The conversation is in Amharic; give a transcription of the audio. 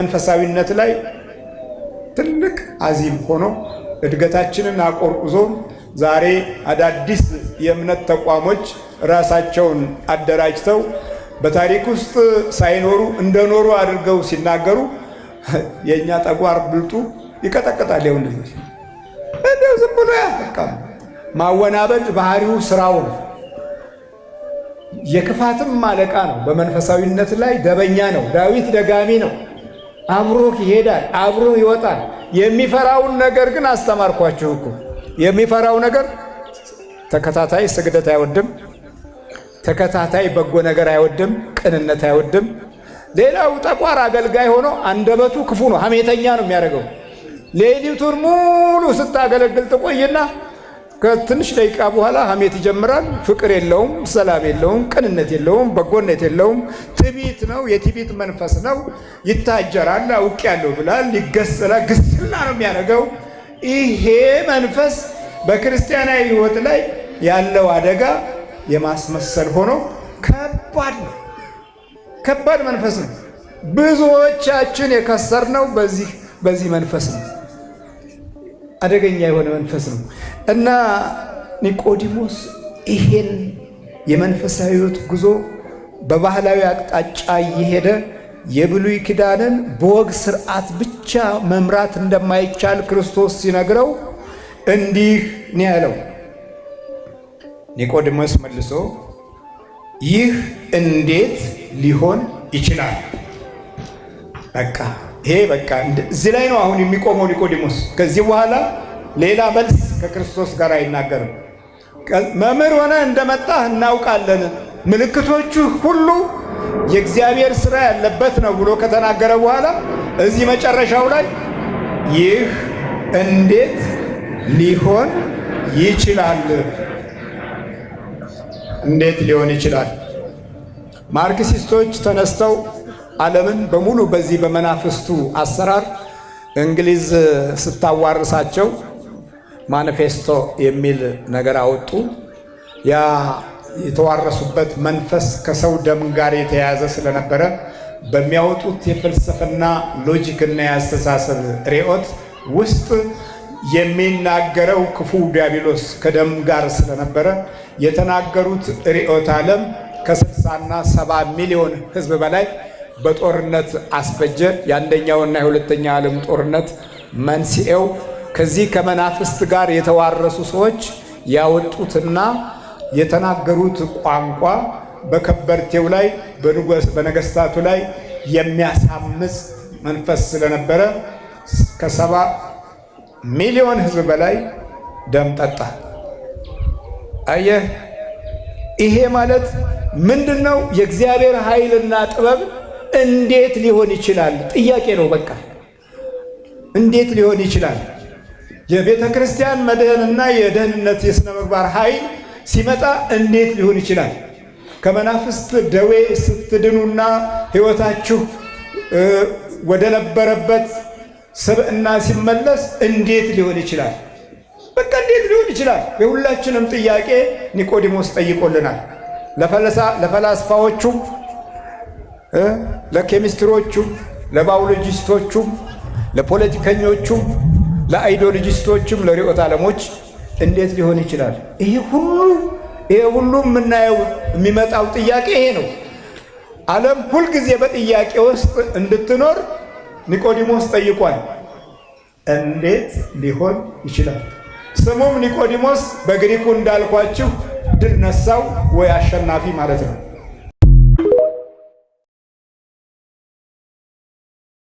መንፈሳዊነት ላይ ትልቅ አዚም ሆኖ እድገታችንን አቆርቁዞ ዛሬ አዳዲስ የእምነት ተቋሞች ራሳቸውን አደራጅተው በታሪክ ውስጥ ሳይኖሩ እንደኖሩ አድርገው ሲናገሩ የእኛ ጠጓር ብልጡ ይቀጠቅጣል። የውን እንዲው ዝም ብሎ ያጠቃም ማወናበድ ባህሪው ስራው ነው። የክፋትም አለቃ ነው። በመንፈሳዊነት ላይ ደበኛ ነው። ዳዊት ደጋሚ ነው። አብሮህ ይሄዳል፣ አብሮህ ይወጣል። የሚፈራውን ነገር ግን አስተማርኳችሁ እኮ። የሚፈራው ነገር ተከታታይ ስግደት አይወድም፣ ተከታታይ በጎ ነገር አይወድም፣ ቅንነት አይወድም። ሌላው ጠቋር አገልጋይ ሆኖ አንደበቱ ክፉ ነው፣ ሀሜተኛ ነው የሚያደርገው። ሌሊቱን ሙሉ ስታገለግል ትቆይና ከትንሽ ደቂቃ በኋላ ሀሜት ይጀምራል። ፍቅር የለውም፣ ሰላም የለውም፣ ቅንነት የለውም፣ በጎነት የለውም። ትቢት ነው፣ የትቢት መንፈስ ነው። ይታጀራል፣ ያለው ብላል፣ ይገሰላል፣ ግስና ነው የሚያደርገው። ይሄ መንፈስ በክርስቲያናዊ ሕይወት ላይ ያለው አደጋ የማስመሰል ሆኖ ከባድ ነው፣ ከባድ መንፈስ ነው። ብዙዎቻችን የከሰርነው በዚህ በዚህ መንፈስ ነው። አደገኛ የሆነ መንፈስ ነው እና ኒቆዲሞስ ይሄን የመንፈሳዊ ህይወት ጉዞ በባህላዊ አቅጣጫ እየሄደ የብሉይ ኪዳንን በወግ ስርዓት ብቻ መምራት እንደማይቻል ክርስቶስ ሲነግረው እንዲህ ነው ያለው። ኒቆዲሞስ መልሶ ይህ እንዴት ሊሆን ይችላል? በቃ ይሄ በቃ እዚህ ላይ ነው አሁን የሚቆመው ኒቆዲሞስ። ከዚህ በኋላ ሌላ መልስ ከክርስቶስ ጋር አይናገርም። መምህር ሆነ እንደመጣህ እናውቃለን፣ ምልክቶቹ ሁሉ የእግዚአብሔር ሥራ ያለበት ነው ብሎ ከተናገረ በኋላ እዚህ መጨረሻው ላይ ይህ እንዴት ሊሆን ይችላል? እንዴት ሊሆን ይችላል? ማርክሲስቶች ተነስተው ዓለምን በሙሉ በዚህ በመናፍስቱ አሰራር እንግሊዝ ስታዋርሳቸው ማኒፌስቶ የሚል ነገር አወጡ። ያ የተዋረሱበት መንፈስ ከሰው ደም ጋር የተያያዘ ስለነበረ በሚያወጡት የፍልስፍና ሎጂክና የአስተሳሰብ ርዕዮት ውስጥ የሚናገረው ክፉ ዲያብሎስ ከደም ጋር ስለነበረ የተናገሩት ርዕዮተ ዓለም ና ሰባ ሚሊዮን ሕዝብ በላይ በጦርነት አስፈጀ። የአንደኛውና የሁለተኛ ዓለም ጦርነት መንስኤው ከዚህ ከመናፍስት ጋር የተዋረሱ ሰዎች ያወጡትና የተናገሩት ቋንቋ በከበርቴው ላይ በነገስታቱ ላይ የሚያሳምስ መንፈስ ስለነበረ ከሰባ ሚሊዮን ህዝብ በላይ ደም ጠጣ። አየህ፣ ይሄ ማለት ምንድን ነው? የእግዚአብሔር ኃይልና ጥበብ እንዴት ሊሆን ይችላል? ጥያቄ ነው። በቃ እንዴት ሊሆን ይችላል? የቤተ ክርስቲያን መድህንና የደህንነት የሥነ ምግባር ኃይል ሲመጣ እንዴት ሊሆን ይችላል? ከመናፍስት ደዌ ስትድኑና ሕይወታችሁ ወደ ነበረበት ስብዕና ሲመለስ እንዴት ሊሆን ይችላል? በቃ እንዴት ሊሆን ይችላል? የሁላችንም ጥያቄ ኒቆዲሞስ ጠይቆልናል። ለፈላስፋዎቹም ለኬሚስትሮቹም፣ ለባዮሎጂስቶቹም፣ ለፖለቲከኞቹም፣ ለአይዲዮሎጂስቶቹም፣ ለርዕዮተ ዓለሞች እንዴት ሊሆን ይችላል? ይሄ ሁሉ ይሄ ሁሉ የምናየው የሚመጣው ጥያቄ ይሄ ነው። ዓለም ሁልጊዜ በጥያቄ ውስጥ እንድትኖር ኒቆዲሞስ ጠይቋል። እንዴት ሊሆን ይችላል? ስሙም ኒቆዲሞስ በግሪኩ እንዳልኳችሁ ድል ነሳው ወይ አሸናፊ ማለት ነው።